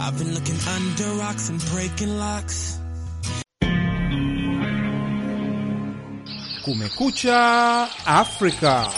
I've been looking under rocks and breaking locks. Kumekucha Afrika.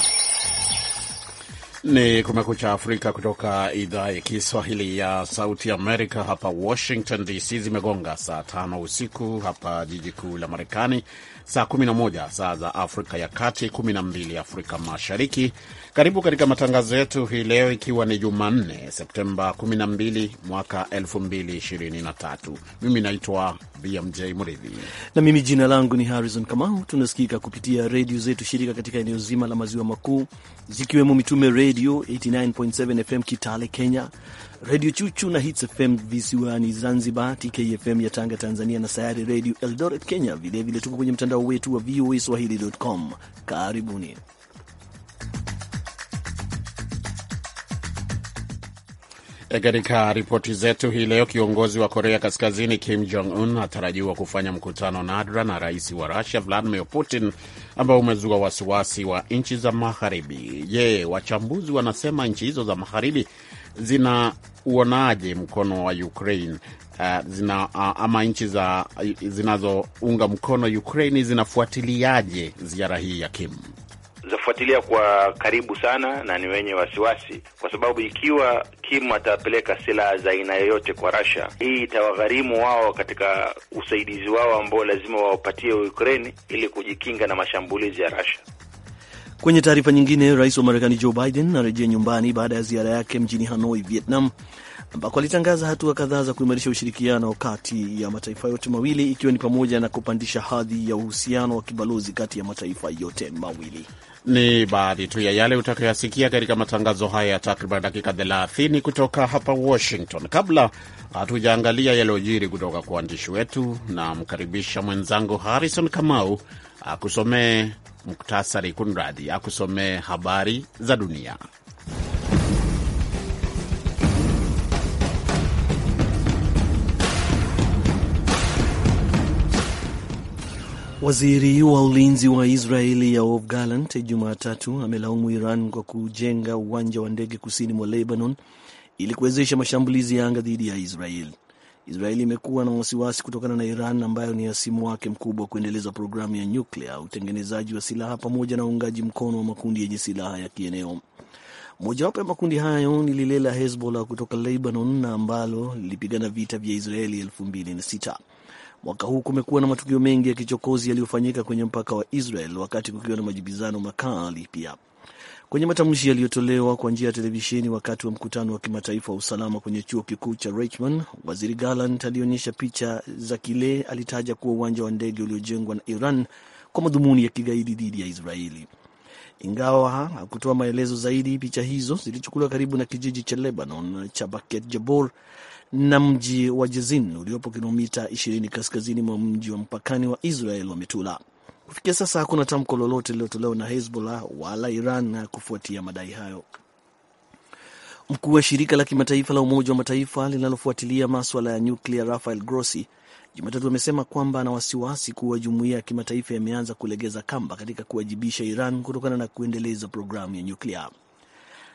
Ni Kumekucha Afrika kutoka idhaa ya Kiswahili ya Sauti Amerika hapa Washington DC. Zimegonga saa tano usiku hapa jiji kuu la Marekani, saa 11 saa za Afrika ya Kati, 12 Afrika Mashariki. Karibu katika matangazo yetu hii leo, ikiwa ni Jumanne Septemba 12 mwaka 2023. Mimi naitwa BMJ Mridhi na mimi jina langu ni Harrison Kamau. Tunasikika kupitia redio zetu shirika katika eneo zima la maziwa makuu zikiwemo Mitume Redio 89.7 FM Kitale Kenya, Redio Chuchu na Hits FM visiwani Zanzibar, TKFM ya Tanga Tanzania, na Sayari Redio Eldoret Kenya. Vilevile tuko kwenye mtandao wetu wa VOA Swahili.com. Karibuni. Katika ripoti zetu hii leo, kiongozi wa Korea Kaskazini Kim Jong Un atarajiwa kufanya mkutano nadra na rais wa Rusia Vladimir Putin ambao umezua wasiwasi wa nchi za Magharibi. Je, wachambuzi wanasema nchi hizo za Magharibi zinauonaje mkono wa Ukraine? Uh, zina, uh, ama nchi zinazounga mkono Ukraini zinafuatiliaje ziara hii ya Kim? tutafuatilia kwa karibu sana na ni wenye wasiwasi, kwa sababu ikiwa Kim atapeleka silaha za aina yoyote kwa Russia, hii itawagharimu wao katika usaidizi wao ambao lazima wawapatie Ukraine ili kujikinga na mashambulizi ya Russia. Kwenye taarifa nyingine, rais wa Marekani Joe Biden arejea nyumbani baada ya ziara yake mjini Hanoi, Vietnam ambako alitangaza hatua kadhaa za kuimarisha ushirikiano kati ya mataifa yote mawili ikiwa ni pamoja na kupandisha hadhi ya uhusiano wa kibalozi kati ya mataifa yote mawili. Ni baadhi tu ya yale utakayoyasikia katika matangazo haya ya takriban dakika 30 kutoka hapa Washington. Kabla hatujaangalia yaliyojiri kutoka kwa waandishi wetu, na mkaribisha mwenzangu Harrison Kamau akusomee muktasari, kunradhi, akusomee habari za dunia. Waziri wa ulinzi wa Israeli Yoav Gallant Jumatatu amelaumu Iran kwa kujenga uwanja wa ndege kusini mwa Lebanon ili kuwezesha mashambulizi ya anga dhidi ya Israel. Israeli imekuwa na wasiwasi kutokana na Iran ambayo ni hasimu wake mkubwa wa kuendeleza programu ya nyuklia, utengenezaji wa silaha pamoja na uungaji mkono wa makundi yenye silaha ya kieneo. Mojawapo ya makundi hayo ni lile la Hezbollah kutoka Lebanon na ambalo lilipigana vita vya Israeli 26 Mwaka huu kumekuwa na matukio mengi ya kichokozi yaliyofanyika kwenye mpaka wa Israel wakati kukiwa na majibizano makali pia. Kwenye matamshi yaliyotolewa kwa njia ya televisheni wakati wa mkutano wa kimataifa wa usalama kwenye chuo kikuu cha Richmond, Waziri Garland alionyesha picha za kile alitaja kuwa uwanja wa ndege uliojengwa na Iran kwa madhumuni ya kigaidi dhidi ya Israeli. Ingawa hakutoa maelezo zaidi, picha hizo zilichukuliwa karibu na kijiji cha Lebanon cha Baket Jabor na mji wa Jezin uliopo kilomita 20 kaskazini mwa mji wa mpakani wa Israel wa Metula. Kufikia sasa hakuna tamko lolote lililotolewa na Hezbollah wala Iran kufuatia madai hayo. Mkuu wa shirika la kimataifa la Umoja wa Mataifa linalofuatilia maswala ya nyuklia Rafael Grossi Jumatatu amesema kwamba ana wasiwasi kuwa jumuiya ya kimataifa imeanza kulegeza kamba katika kuwajibisha Iran kutokana na kuendeleza programu ya nyuklia.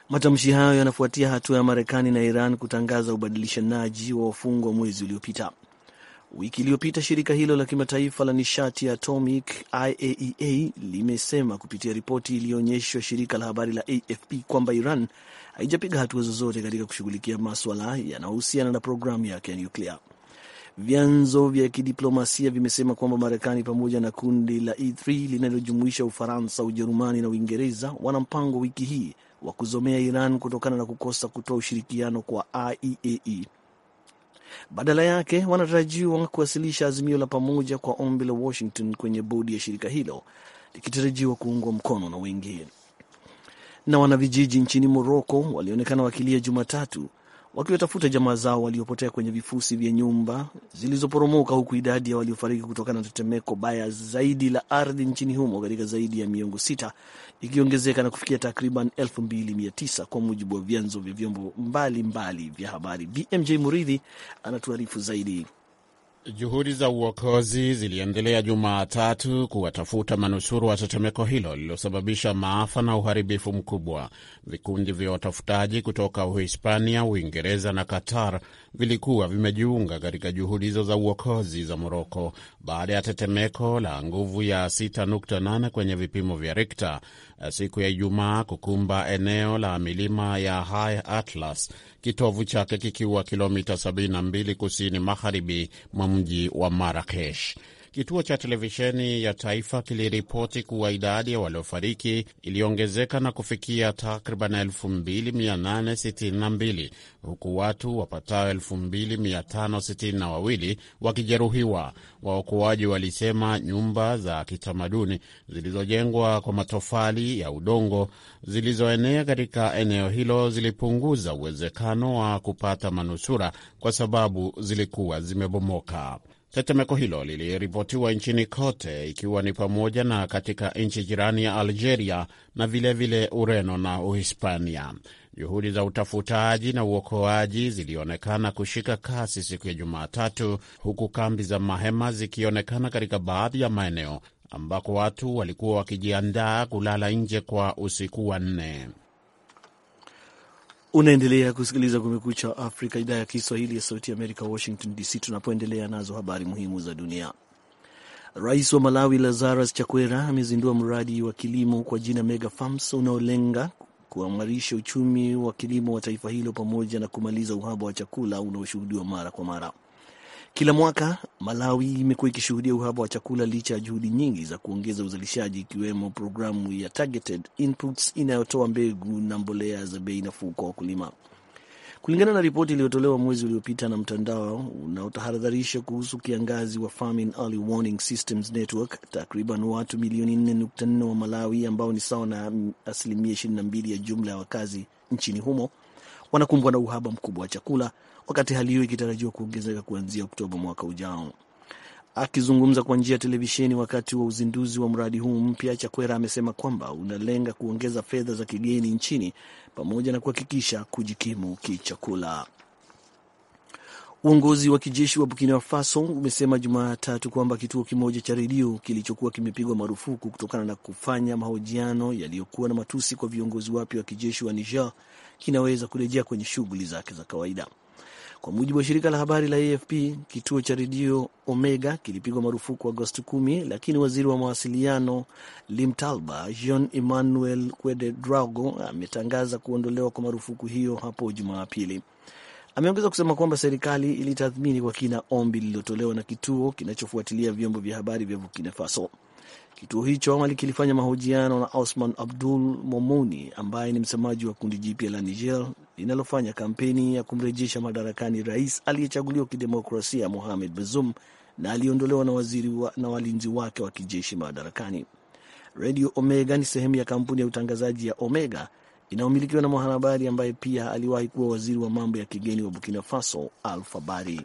Matamshi hayo yanafuatia hatua ya Marekani na Iran kutangaza ubadilishanaji wa wafungwa mwezi uliopita. Wiki iliyopita shirika hilo la kimataifa la nishati ya atomic IAEA e limesema kupitia ripoti iliyoonyeshwa shirika la habari la AFP kwamba Iran haijapiga hatua zozote katika kushughulikia maswala yanayohusiana na programu yake ya nyuklia. Vyanzo vya kidiplomasia vimesema kwamba Marekani pamoja na kundi la E3 linalojumuisha Ufaransa, Ujerumani na Uingereza wana mpango wiki hii wa kuzomea Iran kutokana na kukosa kutoa ushirikiano kwa IAEA. E. Badala yake wanatarajiwa kuwasilisha azimio la pamoja kwa ombi la Washington kwenye bodi ya shirika hilo likitarajiwa kuungwa mkono na wengi. Na wanavijiji nchini Moroko walionekana wakilia Jumatatu wakiwatafuta jamaa zao waliopotea kwenye vifusi vya nyumba zilizoporomoka, huku idadi ya waliofariki kutokana na tetemeko baya zaidi la ardhi nchini humo katika zaidi ya miongo sita ikiongezeka na kufikia takriban 2900 kwa mujibu wa vyanzo vya vyombo mbalimbali vya habari. BMJ Muridhi anatuarifu zaidi. Juhudi za uokozi ziliendelea Jumatatu kuwatafuta manusuru wa tetemeko hilo lililosababisha maafa na uharibifu mkubwa. Vikundi vya watafutaji kutoka Uhispania, Uingereza na Qatar vilikuwa vimejiunga katika juhudi hizo za uokozi za Moroko baada ya tetemeko la nguvu ya 6.8 kwenye vipimo vya Rikta Eh, siku ya Ijumaa kukumba eneo la milima ya High Atlas, kitovu chake kikiwa kilomita 72 kusini magharibi mwa mji wa Marakesh. Kituo cha televisheni ya taifa kiliripoti kuwa idadi ya waliofariki iliongezeka na kufikia takriban 2862 huku watu wapatao 2562 wakijeruhiwa. Waokoaji walisema nyumba za kitamaduni zilizojengwa kwa matofali ya udongo zilizoenea katika eneo hilo zilipunguza uwezekano wa kupata manusura kwa sababu zilikuwa zimebomoka. Tetemeko hilo liliripotiwa nchini kote ikiwa ni pamoja na katika nchi jirani ya Algeria na vilevile vile Ureno na Uhispania. Juhudi za utafutaji na uokoaji zilionekana kushika kasi siku ya Jumatatu, huku kambi za mahema zikionekana katika baadhi ya maeneo ambako watu walikuwa wakijiandaa kulala nje kwa usiku wa nne. Unaendelea kusikiliza Kumekucha Afrika, idhaa ya Kiswahili ya Sauti Amerika, Washington DC, tunapoendelea nazo habari muhimu za dunia. Rais wa Malawi Lazarus Chakwera amezindua mradi wa kilimo kwa jina Mega Farms unaolenga kuimarisha uchumi wa kilimo wa taifa hilo pamoja na kumaliza uhaba wa chakula unaoshuhudiwa mara kwa mara. Kila mwaka Malawi imekuwa ikishuhudia uhaba wa chakula licha ya juhudi nyingi za kuongeza uzalishaji, ikiwemo programu ya Targeted Inputs inayotoa mbegu na mbolea za bei nafuu kwa wakulima. Kulingana na ripoti iliyotolewa mwezi uliopita na mtandao unaotahadharisha kuhusu kiangazi wa Famine Early Warning Systems Network, takriban watu milioni 4.4 wa Malawi ambao ni sawa na asilimia 22 ya jumla ya wakazi nchini humo wanakumbwa na uhaba mkubwa wa chakula wakati hali hiyo ikitarajiwa kuongezeka kuanzia Oktoba mwaka ujao. Akizungumza kwa njia ya televisheni wakati wa uzinduzi wa mradi huu mpya, Chakwera amesema kwamba unalenga kuongeza fedha za kigeni nchini pamoja na kuhakikisha kujikimu kichakula. Uongozi wa kijeshi wa Burkina Faso umesema Jumatatu kwamba kituo kimoja cha redio kilichokuwa kimepigwa marufuku kutokana na kufanya mahojiano yaliyokuwa na matusi kwa viongozi wapya wa kijeshi wa Niger kinaweza kurejea kwenye shughuli zake za kawaida. Kwa mujibu wa shirika la habari la AFP, kituo cha redio Omega kilipigwa marufuku Agosti kumi, lakini waziri wa mawasiliano Limtalba Jean Emmanuel Quededrago ametangaza kuondolewa kwa marufuku hiyo hapo Jumapili. Ameongeza kusema kwamba serikali ilitathmini kwa kina ombi lililotolewa na kituo kinachofuatilia vyombo vya habari vya Burkina Faso. Kituo hicho awali kilifanya mahojiano na Osman Abdul Momuni ambaye ni msemaji wa kundi jipya la Niger linalofanya kampeni ya kumrejesha madarakani rais aliyechaguliwa kidemokrasia Mohamed Bazoum na aliyeondolewa na waziri wa, na walinzi wake wa kijeshi madarakani. Radio Omega ni sehemu ya kampuni ya utangazaji ya Omega inayomilikiwa na mwanahabari ambaye pia aliwahi kuwa waziri wa mambo ya kigeni wa Burkina Faso Alfa Bari.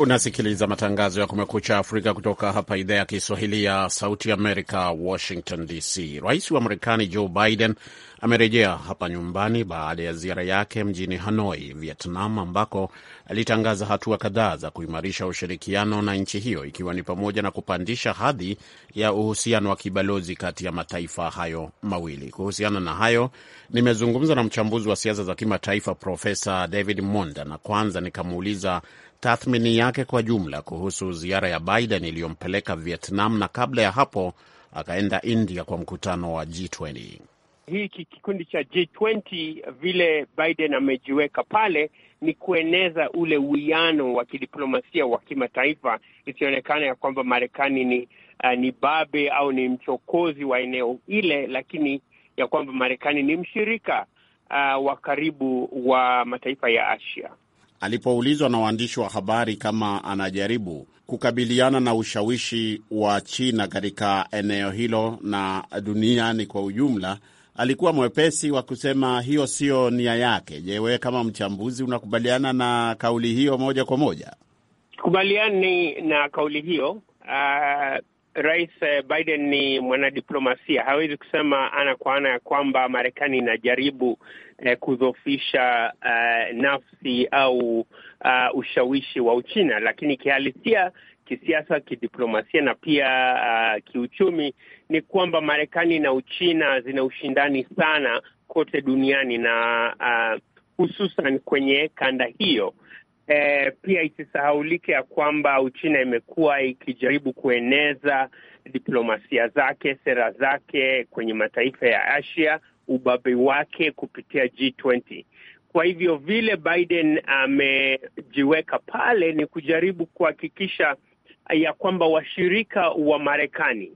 Unasikiliza matangazo ya Kumekucha Afrika kutoka hapa idhaa ya Kiswahili ya Sauti Amerika, Washington DC. Rais wa Marekani Joe Biden amerejea hapa nyumbani baada ya ziara yake mjini Hanoi, Vietnam, ambako alitangaza hatua kadhaa za kuimarisha ushirikiano na nchi hiyo, ikiwa ni pamoja na kupandisha hadhi ya uhusiano wa kibalozi kati ya mataifa hayo mawili. Kuhusiana na hayo, nimezungumza na mchambuzi wa siasa za kimataifa Profesa David Monda, na kwanza nikamuuliza tathmini yake kwa jumla kuhusu ziara ya Biden iliyompeleka Vietnam na kabla ya hapo akaenda India kwa mkutano wa G20. Hii kikundi cha G20 vile Biden amejiweka pale ni kueneza ule uwiano wa kidiplomasia wa kimataifa, isionekana ya kwamba Marekani ni, uh, ni babe au ni mchokozi wa eneo ile, lakini ya kwamba Marekani ni mshirika uh, wa karibu wa mataifa ya Asia alipoulizwa na waandishi wa habari kama anajaribu kukabiliana na ushawishi wa China katika eneo hilo na duniani kwa ujumla, alikuwa mwepesi wa kusema hiyo siyo nia yake. Je, wewe kama mchambuzi unakubaliana na kauli hiyo moja kwa moja? Kubaliani na kauli hiyo. Uh, Rais Biden ni mwanadiplomasia, hawezi kusema ana kwa ana ya kwamba Marekani inajaribu eh, kudhofisha eh, nafsi au uh, ushawishi wa Uchina, lakini kihalisia kisiasa, kidiplomasia na pia uh, kiuchumi ni kwamba Marekani na Uchina zina ushindani sana kote duniani na eh, hususan kwenye kanda hiyo. E, pia isisahaulike ya kwamba Uchina imekuwa ikijaribu kueneza diplomasia zake, sera zake kwenye mataifa ya Asia ubabe wake kupitia G20. Kwa hivyo vile Biden amejiweka pale ni kujaribu kuhakikisha ya kwamba washirika wa Marekani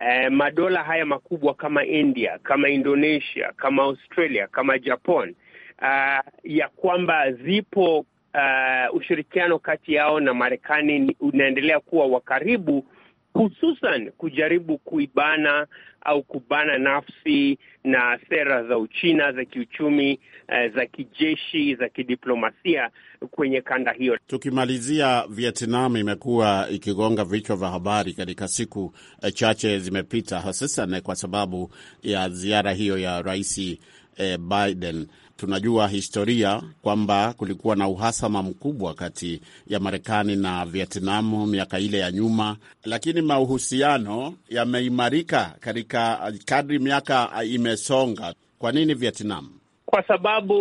eh, madola haya makubwa kama India, kama Indonesia, kama Australia, kama Japan uh, eh, ya kwamba zipo uh, ushirikiano kati yao na Marekani unaendelea kuwa wa karibu, hususan kujaribu kuibana au kubana nafsi na sera za Uchina za kiuchumi, eh, za kijeshi, za kidiplomasia kwenye kanda hiyo. Tukimalizia, Vietnam imekuwa ikigonga vichwa vya habari katika siku eh, chache zimepita, hususan kwa sababu ya ziara hiyo ya Rais eh, Biden tunajua historia kwamba kulikuwa na uhasama mkubwa kati ya Marekani na vietnamu miaka ile ya nyuma, lakini mahusiano yameimarika katika kadri miaka imesonga. Kwa nini Vietnam? Kwa sababu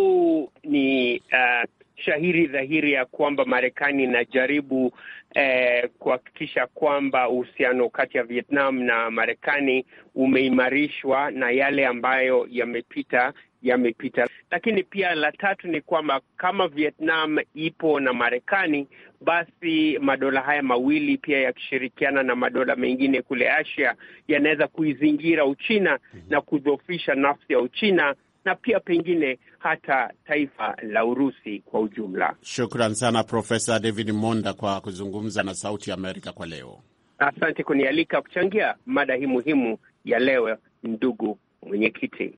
ni uh, shahiri dhahiri ya kwamba Marekani inajaribu eh, kuhakikisha kwamba uhusiano kati ya Vietnam na Marekani umeimarishwa na yale ambayo yamepita yamepita. Lakini pia la tatu ni kwamba kama Vietnam ipo na Marekani, basi madola haya mawili pia yakishirikiana na madola mengine kule Asia yanaweza kuizingira Uchina mm -hmm. na kudhoofisha nafsi ya Uchina na pia pengine hata taifa la Urusi kwa ujumla. Shukran sana Profesa David Monda kwa kuzungumza na Sauti ya Amerika kwa leo. Asante kunialika kuchangia mada hii muhimu ya leo, ndugu mwenyekiti.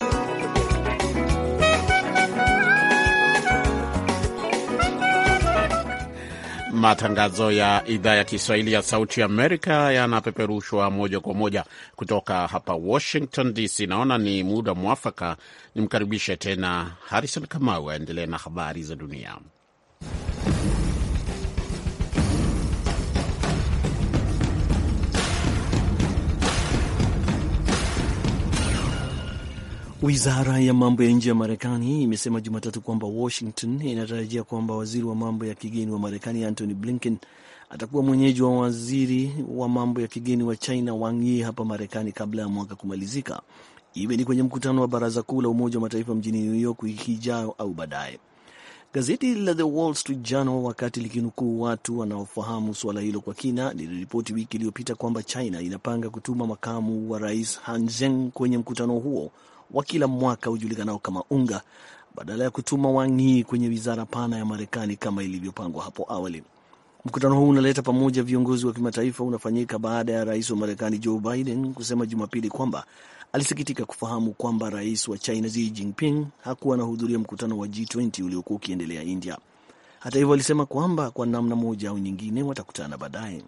Matangazo ya idhaa ya Kiswahili ya Sauti Amerika yanapeperushwa moja kwa moja kutoka hapa Washington DC. Naona ni muda mwafaka nimkaribishe tena Harrison Kamau aendelee na habari za dunia. Wizara ya mambo ya nje ya Marekani imesema Jumatatu kwamba Washington inatarajia kwamba waziri wa mambo ya kigeni wa Marekani Antony Blinken atakuwa mwenyeji wa waziri wa mambo ya kigeni wa China Wang Yi hapa Marekani kabla ya mwaka kumalizika, iwe ni kwenye mkutano wa Baraza Kuu la Umoja wa Mataifa mjini New York wiki ijayo au baadaye. Gazeti la The Wall Street Journal, wakati likinukuu watu wanaofahamu suala hilo kwa kina, liliripoti wiki iliyopita kwamba China inapanga kutuma makamu wa rais Han kwenye mkutano huo wa kila mwaka ujulikanao kama unga badala ya kutuma Wang Yi kwenye wizara pana ya Marekani kama ilivyopangwa hapo awali. Mkutano huu unaleta pamoja viongozi wa kimataifa unafanyika baada ya rais wa Marekani Joe Biden kusema Jumapili kwamba alisikitika kufahamu kwamba rais wa China Xi Jinping hakuwa anahudhuria mkutano wa G20 uliokuwa ukiendelea India. Hata hivyo, alisema kwamba kwa namna moja au nyingine watakutana baadaye.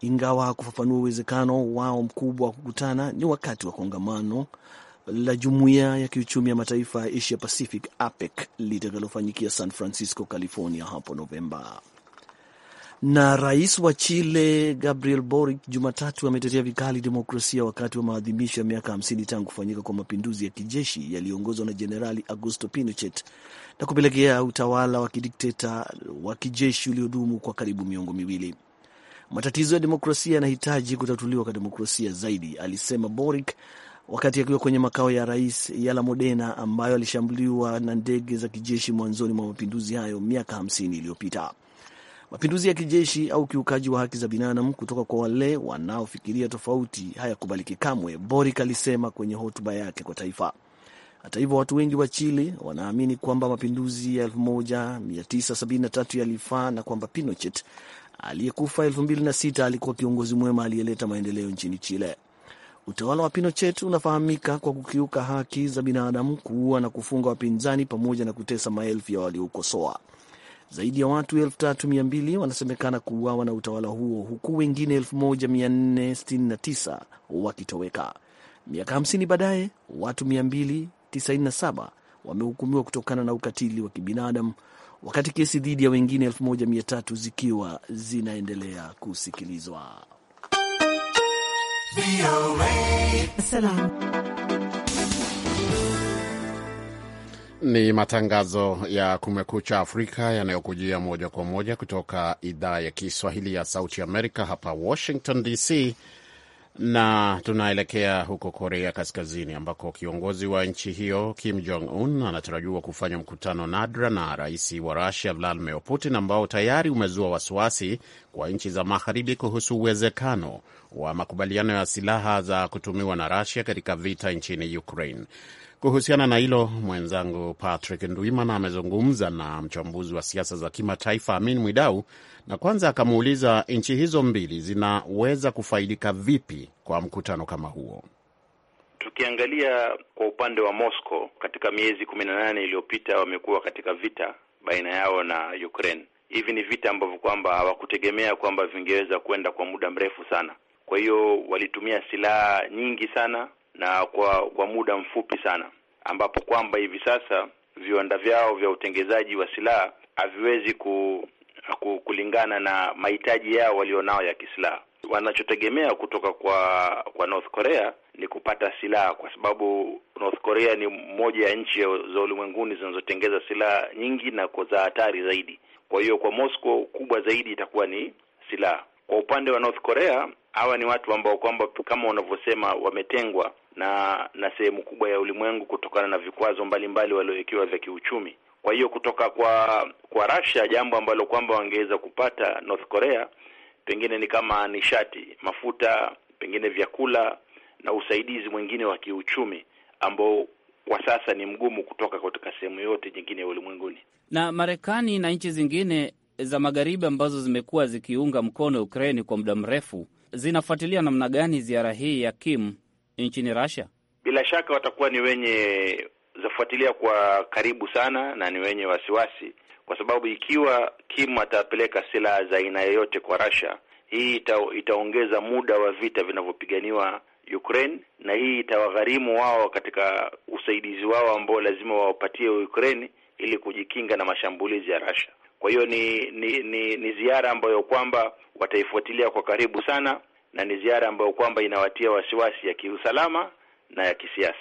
Ingawa hakufafanua uwezekano wao mkubwa wa kukutana, ni wakati wa kongamano la Jumuiya ya Kiuchumi ya Mataifa ya Asia Pacific, APEC, litakalofanyikia San Francisco, California hapo Novemba. Na rais wa Chile Gabriel Boric Jumatatu ametetea vikali demokrasia wakati wa maadhimisho ya miaka 50 tangu kufanyika kwa mapinduzi ya kijeshi yaliyoongozwa na Jenerali Augusto Pinochet na kupelekea utawala wa kidikteta wa kijeshi uliodumu kwa karibu miongo miwili. Matatizo ya demokrasia yanahitaji kutatuliwa kwa demokrasia zaidi, alisema Boric wakati akiwa kwenye makao ya rais Modena ambayo alishambuliwa na ndege za kijeshi mwanzoni mwa mapinduzi hayo miaka 50 iliyopita. Mapinduzi ya kijeshi au kiukaji wa haki za binadamu kutoka kwa wale wanaofikiria tofauti hayakubaliki kamwe, Boric alisema kwenye hotuba yake kwa taifa. Hata hivyo, watu wengi wa Chile wanaamini kwamba mapinduzi ya 1973 yalifaa na kwamba Pinochet aliyekufa 2006 alikuwa kiongozi mwema aliyeleta maendeleo nchini Chile. Utawala wa Pinochet unafahamika kwa kukiuka haki za binadamu, kuua na kufunga wapinzani, pamoja na kutesa maelfu ya waliokosoa. Zaidi ya watu elfu wanasemekana kuuawa na utawala huo, huku wengine 1469 wakitoweka. Miaka 50 baadaye, watu 297 wamehukumiwa kutokana na ukatili wa kibinadamu, wakati kesi dhidi ya wengine 1300 zikiwa zinaendelea kusikilizwa. Ni matangazo ya Kumekucha Afrika yanayokujia moja kwa moja kutoka idhaa ya Kiswahili ya Sauti Amerika hapa Washington DC. Na tunaelekea huko Korea Kaskazini ambako kiongozi wa nchi hiyo Kim Jong Un anatarajiwa kufanya mkutano nadra na rais wa Rusia Vladimir Putin, ambao tayari umezua wasiwasi kwa nchi za Magharibi kuhusu uwezekano wa makubaliano ya silaha za kutumiwa na Rusia katika vita nchini Ukraine. Kuhusiana na hilo, mwenzangu Patrick Ndwimana amezungumza na mchambuzi wa siasa za kimataifa Amin Mwidau na kwanza akamuuliza nchi hizo mbili zinaweza kufaidika vipi kwa mkutano kama huo. Tukiangalia kwa upande wa Moscow, katika miezi kumi na nane iliyopita wamekuwa katika vita baina yao na Ukraine. Hivi ni vita ambavyo kwamba hawakutegemea kwamba vingeweza kwenda kwa muda mrefu sana. Kwa hiyo walitumia silaha nyingi sana na kwa kwa muda mfupi sana, ambapo kwamba hivi sasa viwanda vyao vya utengenezaji wa silaha haviwezi ku kulingana na mahitaji yao walionao ya kisilaha. Wanachotegemea kutoka kwa kwa North Korea ni kupata silaha, kwa sababu North Korea ni moja ya nchi za ulimwenguni zinazotengeza silaha nyingi na za hatari zaidi. Kwa hiyo kwa Moscow kubwa zaidi itakuwa ni silaha. Kwa upande wa North Korea, hawa ni watu ambao kwamba kama unavyosema wametengwa na na sehemu kubwa ya ulimwengu kutokana na vikwazo mbalimbali waliowekewa vya kiuchumi. Kwa hiyo kutoka kwa kwa Russia, jambo ambalo kwamba wangeweza kupata North Korea pengine ni kama nishati, mafuta, pengine vyakula na usaidizi mwingine wa kiuchumi ambao kwa sasa ni mgumu kutoka katika sehemu yote nyingine ya ulimwenguni. Na Marekani na nchi zingine za magharibi ambazo zimekuwa zikiunga mkono Ukraine kwa muda mrefu zinafuatilia namna gani ziara hii ya Kim nchini Russia? Bila shaka watakuwa ni wenye zafuatilia kwa karibu sana na ni wenye wasiwasi, kwa sababu ikiwa Kim atapeleka silaha za aina yoyote kwa Russia, hii ita, itaongeza muda wa vita vinavyopiganiwa Ukraine na hii itawagharimu wao katika usaidizi wao ambao lazima wawapatie Ukraine ili kujikinga na mashambulizi ya Russia. Kwa hiyo ni ni, ni, ni ziara ambayo kwamba wataifuatilia kwa karibu sana na ni ziara ambayo kwamba inawatia wasiwasi ya kiusalama na ya kisiasa.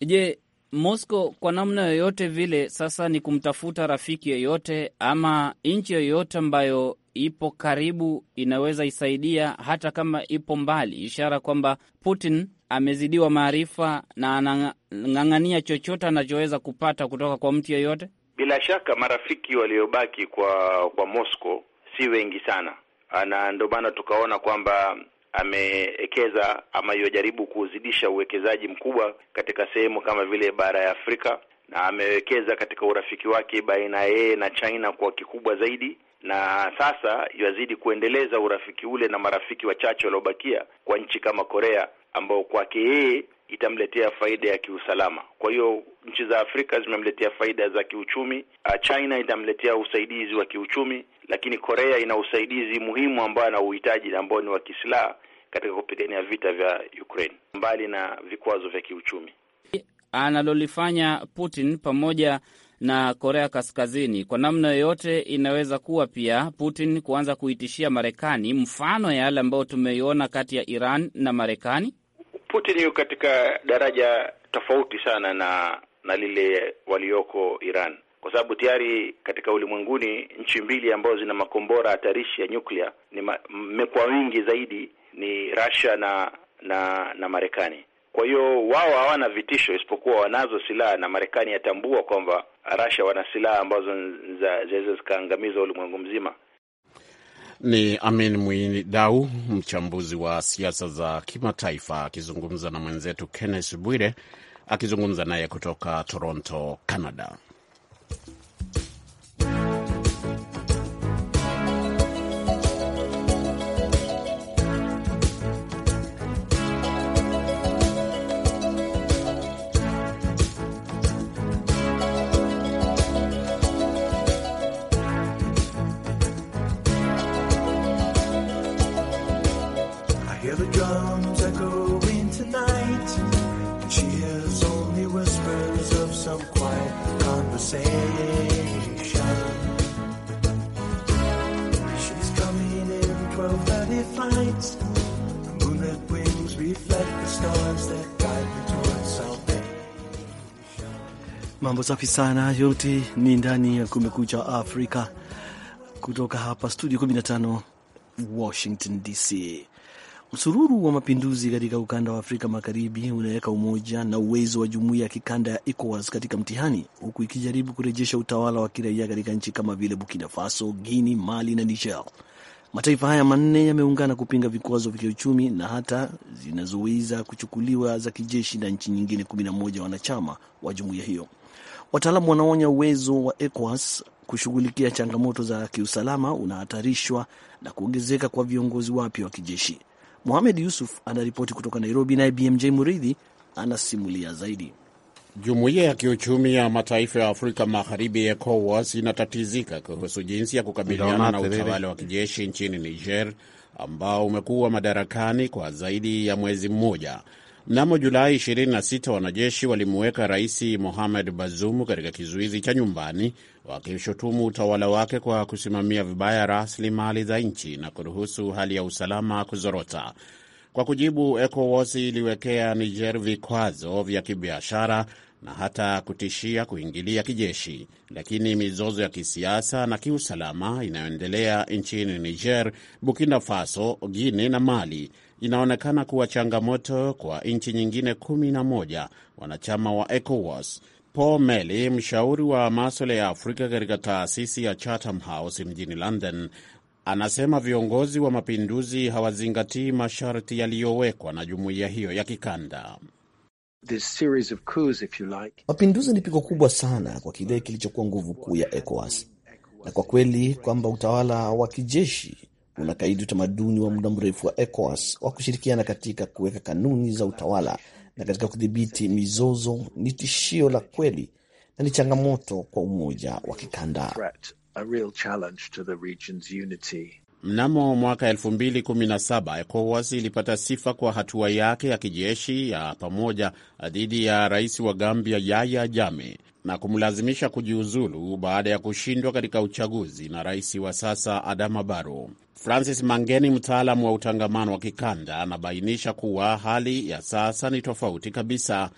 Je, Moscow kwa namna yoyote vile sasa ni kumtafuta rafiki yoyote ama nchi yoyote ambayo ipo karibu inaweza isaidia, hata kama ipo mbali, ishara kwamba Putin amezidiwa maarifa na anang'ang'ania chochote anachoweza kupata kutoka kwa mtu yoyote. Bila shaka marafiki waliobaki kwa kwa Moscow si wengi sana, na ndio maana tukaona kwamba ameekeza ama yojaribu kuzidisha uwekezaji mkubwa katika sehemu kama vile bara ya Afrika, na amewekeza katika urafiki wake baina ya yeye na China kwa kikubwa zaidi na sasa yazidi kuendeleza urafiki ule na marafiki wachache waliobakia kwa nchi kama Korea ambao kwake yeye itamletea faida ya kiusalama. Kwa hiyo nchi za Afrika zimemletea faida za kiuchumi. China itamletea usaidizi wa kiuchumi lakini Korea ina usaidizi muhimu ambao ana na ambao ni wa kisilaha katika kupigania vita vya Ukraine, mbali na vikwazo vya kiuchumi analolifanya Putin pamoja na Korea Kaskazini kwa namna yoyote inaweza kuwa pia Putin kuanza kuitishia Marekani, mfano ya yale ambayo tumeiona kati ya Iran na Marekani. Putin yuko katika daraja tofauti sana na na lile walioko Iran kwa sababu tayari katika ulimwenguni nchi mbili ambazo zina makombora hatarishi ya nyuklia ni mmekuwa wingi zaidi ni Russia na na na Marekani. Kwa hiyo wao hawana vitisho, isipokuwa wanazo silaha, na Marekani yatambua kwamba Russia wana silaha ambazo zinaweza zikaangamiza ulimwengu mzima. Ni Amin Mwidau, mchambuzi wa siasa za kimataifa, akizungumza na mwenzetu Kenneth Bwire, akizungumza naye kutoka Toronto, Canada. Mambo safi sana, yote ni ndani ya Kumekucha Afrika kutoka hapa studio 15 Washington DC. Msururu wa mapinduzi katika ukanda wa Afrika Magharibi unaweka umoja na uwezo wa jumuiya ya kikanda ya ECOWAS katika mtihani, huku ikijaribu kurejesha utawala wa kiraia katika nchi kama vile Burkina Faso, Guini, Mali na Niger. Mataifa haya manne yameungana kupinga vikwazo vya kiuchumi na hata zinazoweza kuchukuliwa za kijeshi na nchi nyingine 11 wanachama wa jumuiya hiyo. Wataalamu wanaonya uwezo wa ECOWAS kushughulikia changamoto za kiusalama unahatarishwa na kuongezeka kwa viongozi wapya wa kijeshi. Mohamed Yusuf anaripoti kutoka Nairobi, naye BMJ Muridhi anasimulia zaidi. Jumuiya ya kiuchumi ya mataifa ya Afrika Magharibi, ECOWAS, inatatizika kuhusu jinsi ya kukabiliana na utawala wa kijeshi nchini Niger ambao umekuwa madarakani kwa zaidi ya mwezi mmoja Mnamo Julai 26 wanajeshi walimuweka Rais Mohamed Bazoum katika kizuizi cha nyumbani wakishutumu utawala wake kwa kusimamia vibaya rasilimali za nchi na kuruhusu hali ya usalama kuzorota. Kwa kujibu, ECOWAS iliwekea Niger vikwazo vya kibiashara na hata kutishia kuingilia kijeshi, lakini mizozo ya kisiasa na kiusalama inayoendelea nchini Niger, Burkina Faso, Guinea na Mali inaonekana kuwa changamoto kwa nchi nyingine kumi na moja wanachama wa ECOWAS. Paul Meli, mshauri wa maswala ya Afrika katika taasisi ya Chatham House mjini London, anasema viongozi wa mapinduzi hawazingatii masharti yaliyowekwa na jumuiya hiyo ya kikanda. Like. Mapinduzi ni pigo kubwa sana kwa kile kilichokuwa nguvu kuu ya ECOWAS na kwa kweli kwamba utawala wa kijeshi unakaidi utamaduni wa muda mrefu wa ECOWAS wa kushirikiana katika kuweka kanuni za utawala na katika kudhibiti mizozo. Ni tishio la kweli na ni changamoto kwa umoja wa kikanda. Mnamo mwaka 2017 ECOWAS ilipata sifa kwa hatua yake ya kijeshi ya pamoja dhidi ya rais wa Gambia yaya jame na kumlazimisha kujiuzulu baada ya kushindwa katika uchaguzi na rais wa sasa Adama Barrow. Francis Mangeni, mtaalamu wa utangamano wa kikanda, anabainisha kuwa hali ya sasa ni tofauti kabisa,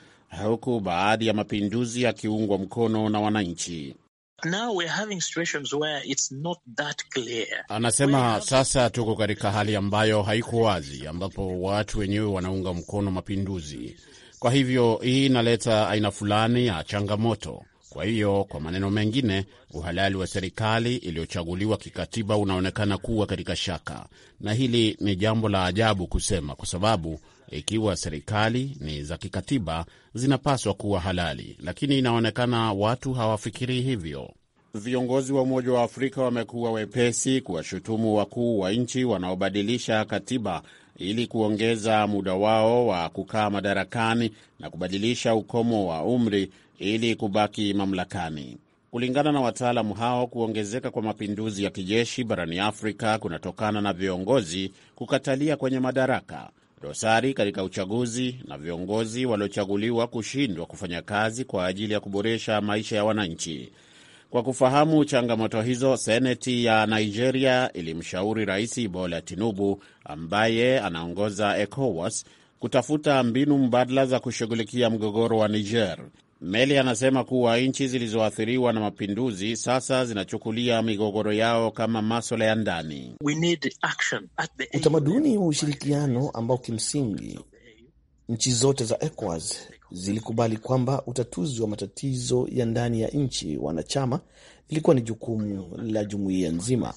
huku baadhi ya mapinduzi yakiungwa mkono na wananchi. Now we're having situations where it's not that clear. Anasema sasa tuko katika hali ambayo haiko wazi, ambapo watu wenyewe wanaunga mkono mapinduzi. Kwa hivyo hii inaleta aina fulani ya changamoto. Kwa hiyo kwa maneno mengine, uhalali wa serikali iliyochaguliwa kikatiba unaonekana kuwa katika shaka, na hili ni jambo la ajabu kusema, kwa sababu ikiwa serikali ni za kikatiba zinapaswa kuwa halali, lakini inaonekana watu hawafikiri hivyo. Viongozi wa Umoja wa Afrika wamekuwa wepesi kuwashutumu wakuu wa nchi wanaobadilisha katiba ili kuongeza muda wao wa kukaa madarakani na kubadilisha ukomo wa umri ili kubaki mamlakani. Kulingana na wataalamu hao, kuongezeka kwa mapinduzi ya kijeshi barani Afrika kunatokana na viongozi kukatalia kwenye madaraka, dosari katika uchaguzi na viongozi waliochaguliwa kushindwa kufanya kazi kwa ajili ya kuboresha maisha ya wananchi. Kwa kufahamu changamoto hizo, seneti ya Nigeria ilimshauri Rais Bola Tinubu ambaye anaongoza ECOWAS kutafuta mbinu mbadala za kushughulikia mgogoro wa Niger. Meli anasema kuwa nchi zilizoathiriwa na mapinduzi sasa zinachukulia migogoro yao kama maswala ya ndani. Utamaduni wa ushirikiano ambao kimsingi nchi zote za ECOWAS zilikubali kwamba utatuzi wa matatizo ya ndani ya nchi wanachama ilikuwa ni jukumu la jumuiya nzima,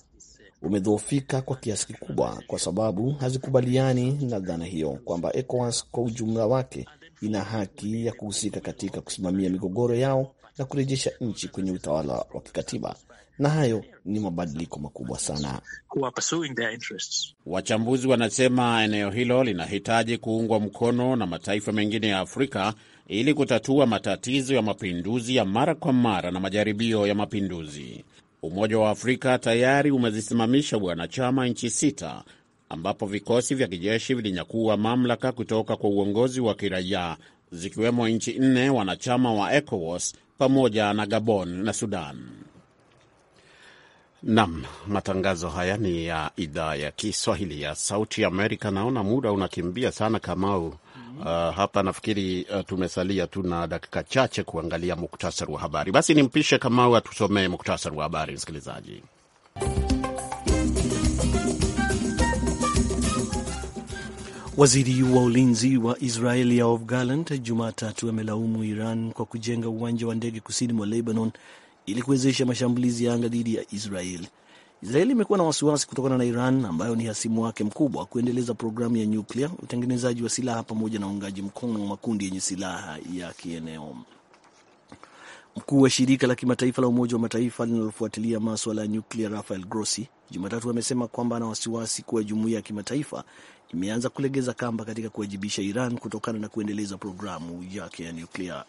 umedhoofika kwa kiasi kikubwa, kwa sababu hazikubaliani na dhana hiyo kwamba ECOWAS kwa ujumla wake ina haki ya kuhusika katika kusimamia migogoro yao na kurejesha nchi kwenye utawala wa kikatiba, na hayo ni mabadiliko makubwa sana. Wachambuzi wanasema eneo hilo linahitaji kuungwa mkono na mataifa mengine ya Afrika ili kutatua matatizo ya mapinduzi ya mara kwa mara na majaribio ya mapinduzi. Umoja wa Afrika tayari umezisimamisha wanachama nchi sita ambapo vikosi vya kijeshi vilinyakua mamlaka kutoka kwa uongozi wa kiraia zikiwemo nchi nne wanachama wa ECOWAS pamoja na Gabon na Sudan. Nam, matangazo haya ni ya idhaa ya Kiswahili ya Sauti Amerika. Naona muda unakimbia sana, Kamau. Uh, hapa nafikiri uh, tumesalia tu na dakika chache kuangalia muktasari wa habari. Basi nimpishe Kamau atusomee muktasari wa habari, msikilizaji. Waziri wa ulinzi wa Israeli Yoav Gallant Jumatatu amelaumu Iran kwa kujenga uwanja wa ndege kusini mwa Lebanon ili kuwezesha mashambulizi ya anga dhidi ya Israel. Israeli imekuwa na wasiwasi kutokana na Iran ambayo ni hasimu wake mkubwa kuendeleza programu ya nyuklia, utengenezaji wa silaha pamoja na uungaji mkono wa makundi yenye silaha ya kieneo. Mkuu wa shirika la kimataifa la Umoja wa Mataifa linalofuatilia maswala ya nyuklia Rafael Grossi Jumatatu amesema kwamba ana wasiwasi kuwa jumuiya ya kimataifa imeanza kulegeza kamba katika kuwajibisha Iran kutokana na kuendeleza programu yake ya nyuklia.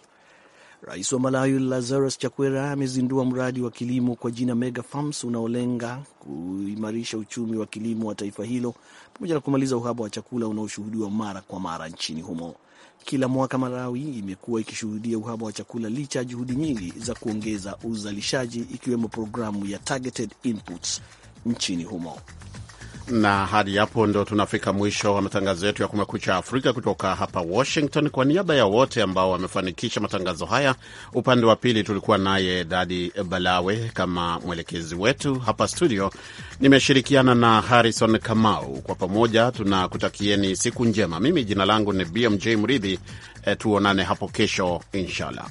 Rais wa Malawi Lazarus Chakwera amezindua mradi wa kilimo kwa jina Mega Farms unaolenga kuimarisha uchumi wa kilimo wa taifa hilo pamoja na kumaliza uhaba wa chakula unaoshuhudiwa mara kwa mara nchini humo. Kila mwaka Malawi imekuwa ikishuhudia uhaba wa chakula licha ya juhudi nyingi za kuongeza uzalishaji, ikiwemo programu ya targeted inputs nchini humo na hadi hapo ndo tunafika mwisho wa matangazo yetu ya Kumekucha Afrika kutoka hapa Washington. Kwa niaba ya wote ambao wamefanikisha matangazo haya, upande wa pili tulikuwa naye Dadi Balawe kama mwelekezi wetu hapa studio, nimeshirikiana na Harrison Kamau. Kwa pamoja tunakutakieni siku njema. Mimi jina langu ni BMJ Mridhi. E, tuonane hapo kesho inshallah.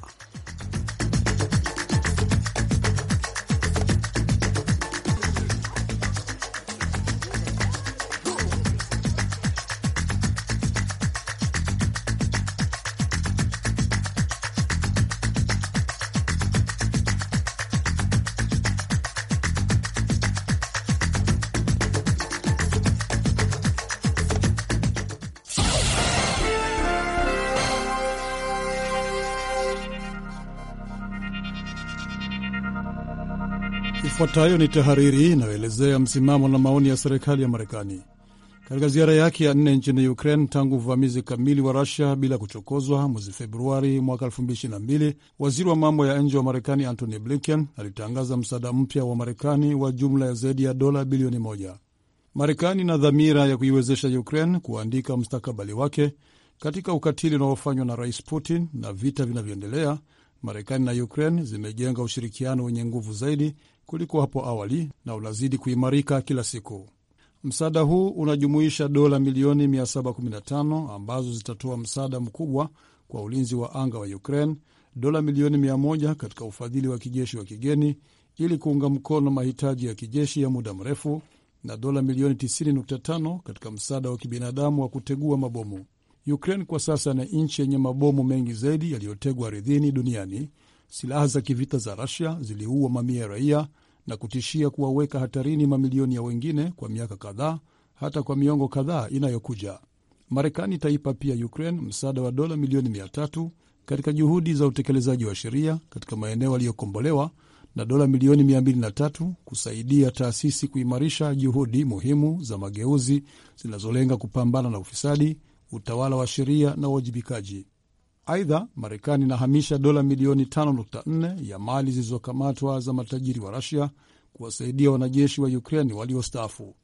Ifuatayo ni tahariri inayoelezea msimamo na maoni ya serikali ya Marekani. Katika ziara yake ya nne nchini Ukraine tangu uvamizi kamili wa Rusia bila kuchokozwa mwezi Februari mwaka 2022, waziri wa mambo ya nje wa Marekani Antony Blinken alitangaza msaada mpya wa Marekani wa jumla ya zaidi ya dola bilioni moja. Marekani ina dhamira ya kuiwezesha Ukraine kuandika mstakabali wake katika ukatili unaofanywa na Rais Putin na vita vinavyoendelea. Marekani na Ukraine zimejenga ushirikiano wenye nguvu zaidi kuliko hapo awali na unazidi kuimarika kila siku. Msaada huu unajumuisha dola milioni 715 ambazo zitatoa msaada mkubwa kwa ulinzi wa anga wa Ukraine, dola milioni 100 katika ufadhili wa kijeshi wa kigeni ili kuunga mkono mahitaji ya kijeshi ya muda mrefu na dola milioni 90.5 katika msaada wa kibinadamu wa kutegua mabomu. Ukraine kwa sasa ni nchi yenye mabomu mengi zaidi yaliyotegwa ardhini duniani Silaha za kivita za Rusia ziliua mamia ya raia na kutishia kuwaweka hatarini mamilioni ya wengine kwa miaka kadhaa, hata kwa miongo kadhaa inayokuja. Marekani itaipa pia Ukraine msaada wa dola milioni mia tatu katika juhudi za utekelezaji wa sheria katika maeneo yaliyokombolewa na dola milioni 203 kusaidia taasisi kuimarisha juhudi muhimu za mageuzi zinazolenga kupambana na ufisadi, utawala wa sheria na uwajibikaji. Aidha, Marekani inahamisha dola milioni 5.4 ya mali zilizokamatwa za matajiri wa Rusia kuwasaidia wanajeshi wa Ukraini waliostaafu.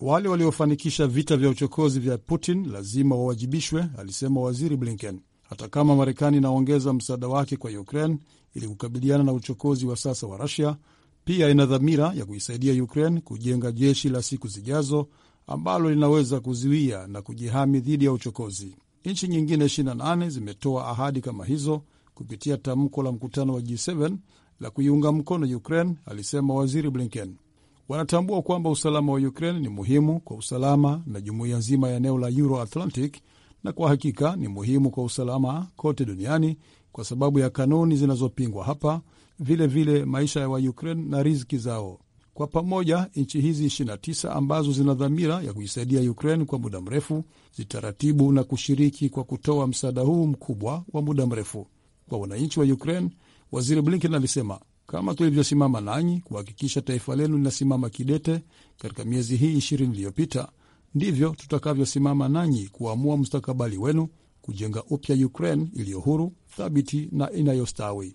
Wale waliofanikisha vita vya uchokozi vya Putin lazima wawajibishwe, alisema Waziri Blinken. Hata kama Marekani inaongeza msaada wake kwa Ukraine ili kukabiliana na uchokozi wa sasa wa Rusia, pia ina dhamira ya kuisaidia Ukraine kujenga jeshi la siku zijazo ambalo linaweza kuzuia na kujihami dhidi ya uchokozi. Nchi nyingine 28 zimetoa ahadi kama hizo kupitia tamko la mkutano wa G7 la kuiunga mkono Ukraine, alisema Waziri Blinken. Wanatambua kwamba usalama wa Ukraine ni muhimu kwa usalama na jumuiya nzima ya eneo la Euro Atlantic, na kwa hakika ni muhimu kwa usalama kote duniani kwa sababu ya kanuni zinazopingwa hapa, vilevile vile maisha ya wa Ukraine na riziki zao. Kwa pamoja nchi hizi 29 ambazo zina dhamira ya kuisaidia Ukraine kwa muda mrefu zitaratibu na kushiriki kwa kutoa msaada huu mkubwa wa muda mrefu kwa wananchi wa Ukraine. Waziri Blinken alisema, kama tulivyosimama nanyi kuhakikisha taifa lenu linasimama kidete katika miezi hii ishirini iliyopita, ndivyo tutakavyosimama nanyi kuamua mustakabali wenu, kujenga upya Ukraine iliyo huru, thabiti na inayostawi.